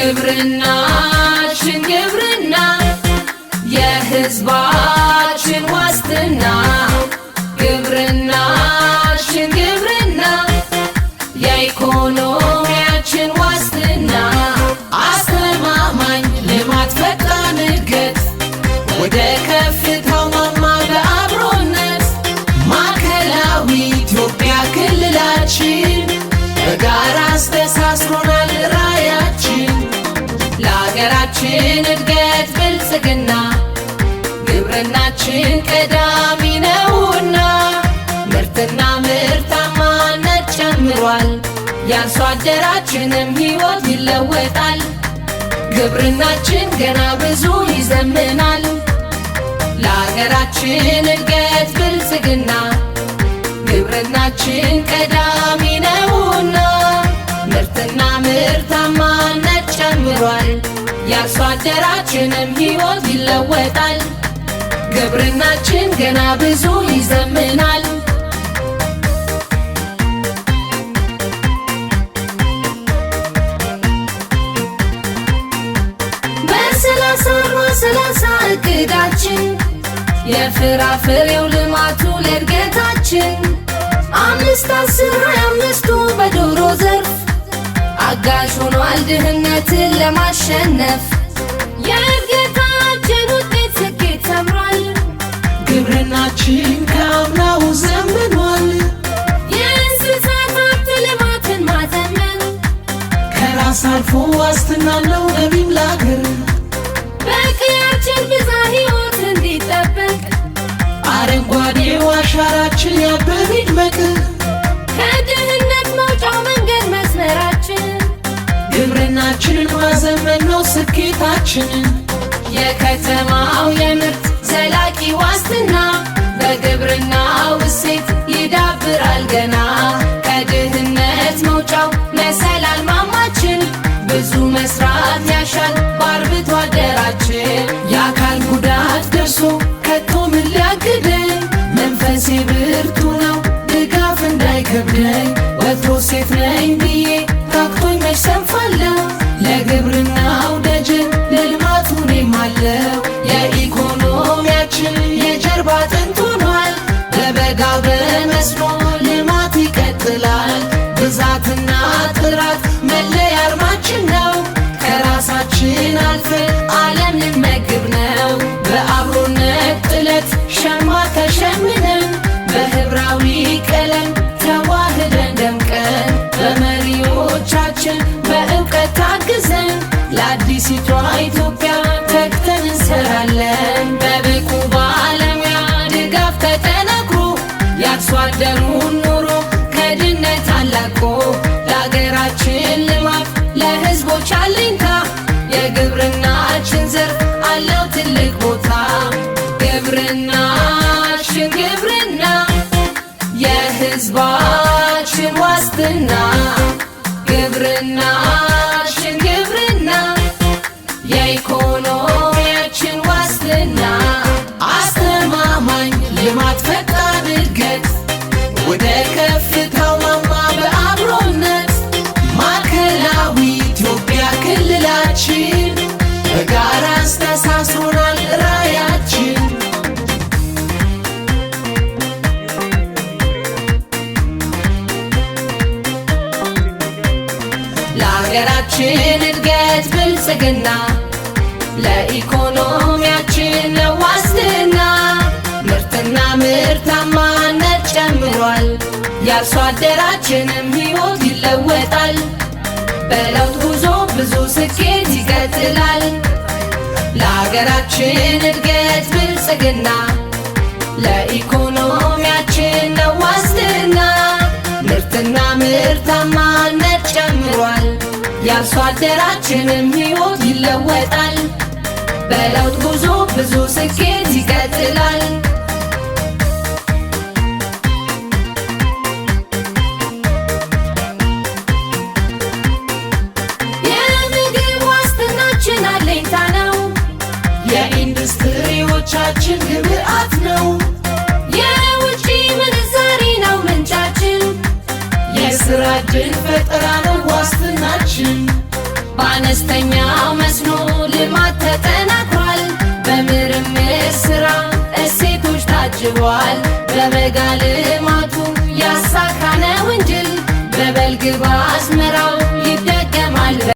ግብርናችን ግብርና የህዝባችን ዋስትና ግብርናችን ግብርና የኢኮኖሚያችን ዋስትና አስተማማኝ ልማት ፈጣን እድገት ወደ ከፍታው ማማ በአብሮነት ማዕከላዊ ኢትዮጵያ ክልላችን በጋራ አስተሳስሮና የሀገራችን እድገት ብልጽግና ግብርናችን ቀዳሚ ነውና ምርትና ምርታማነት ጨምሯል። የአርሶ አደራችንም ሕይወት ይለወጣል። ግብርናችን ገና ብዙ ይዘምናል። ለሀገራችን እድገት ብልጽግና ግብርናችን ቀዳ የአርሶ አደራችንም ሕይወት ይለወጣል። ግብርናችን ገና ብዙ ይዘምናል። በሰላሳ አርባ ሰላሳ እቅዳችን የፍራፍሬው ልማቱ ለእድገታችን አምስት አስር ሃያ አምስቱ በዶሮ ዘርፍ አጋዥ ሆኗል ድህነትን ለማሸነፍ የእድገታችን ውጤት ስኬት ሰምሯል። ግብርናችን ከአምናው ዘምኗል። የእንስሳት ሀብት ልማትን ማዘመን ከራስ አልፎ ዋስትና ነው ገቢም ለአገር በቀያችን ብዝሃ ሕይወት እንዲጠበቅ አረንጓዴው አሻራችን ዘመነው ስኬታችንን የከተማው የምርት ዘላቂ ዋስትና በግብርናው እሴት ይዳብራል ገና ከድህነት መውጫው መሰላል ማማችን ብዙ መስራት ያሻል በአርብቶ አደራችን የአካል ጉዳት ደርሶ ከቶ ምን ሊያግደኝ መንፈሴ ብርቱ ነው ድጋፍ እንዳይከብደኝ ወትሮ ሴት ነኝ ብዬ አለው የኢኮኖሚያችን የጀርባ አጥንት ሆኗል። በበጋ በመስኖ ልማት ይቀጥላል። ብዛትና ጥራት መለያ አርማችን ነው። ከራሳችን አልፈን ዓለምን መግብ ነው። በአብሮነት ጥለት ሸማ ተሸምነን በህብራዊ ቀለም ተዋህደን ደምቀን በመሪዎቻችን በእውቀት ታግዘን ለአዲሲቷ ያደሩን ኑሮ ከድህነት አላቆ ለሀገራችን ልማት ለህዝቦች አለኝታ የግብርናችን ዘርፍ አለው ትልቅ ቦታ ግብርናችን ግብርና የህዝባችን ዋስትና ግብርናችን ግብርና የኢኮኖሚያችን ዋስትና አስተማማኝ ልማት ፈ ወደ ከፍታው ማማ በአብሮነት ማዕከላዊ ኢትዮጵያ ክልላችን በጋራ አስተሳስሮናል ራያችን ለሀገራችን እድገት ብልጽግና ለኢኮኖሚያችን ዋስትና ምርትና ምርታማ ተጀምሯል። የአርሶ አደራችንም ሕይወት ይለወጣል። በለውጥ ጉዞ ብዙ ስኬት ይቀጥላል። ለሀገራችን እድገት ብልጽግና ለኢኮኖሚያችን ነው ዋስትና። ምርትና ምርታማነት ጨምሯል። የአርሶ አደራችንም ሕይወት ይለወጣል። በለውጥ ጉዞ ብዙ ስኬት ይቀጥላል። የልጆቻችን ግብአት ነው። የውጭ ምንዛሪ ነው ምንጫችን፣ የስራ ዕድል ፈጠራ ነው ዋስትናችን። በአነስተኛ መስኖ ልማት ተጠናክሯል። በምርምር ስራ እሴቶች ታጅቧል። በበጋ ልማቱ ያሳካነውን ድል በበልግ ባዝመ